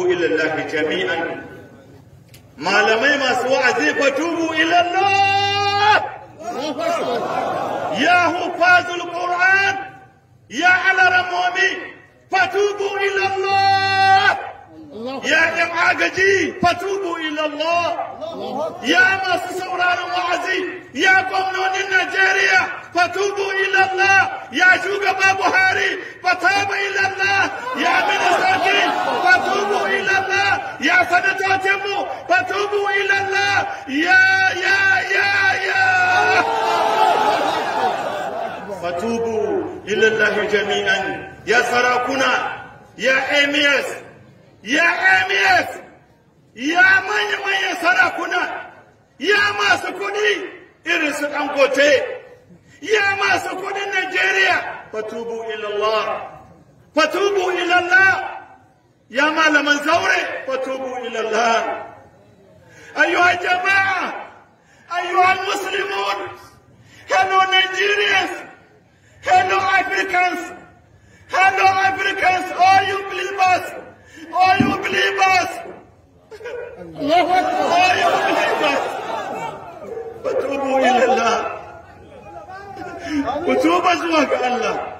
إلى الله جميعا ما لمي ما سوى فتوبوا إلى الله يا حفاظ القرآن يا على رمومي فتوبوا إلى الله يا إمعاجي فتوبوا إلى الله يا ماسو سوران وعزي يا قومنون النيجيريا فتوبوا إلى الله يا بابو هاري فتاب ya ya ya ya fatubu ilallahi jami'an ya sarakuna ya Ams. ya Ams. ya manya manya sarakuna ya masu kudi irin su dangote ya masu kudin najeriya fatubu ilallah fatubu ilallah ya malaman zaure fatubu ilallah يا جماعة أيها المسلمون hello Nigerians hello Africans hello Africans all you believers all you believers all you believers وتوبوا إلى الله وتوبوا زواج الله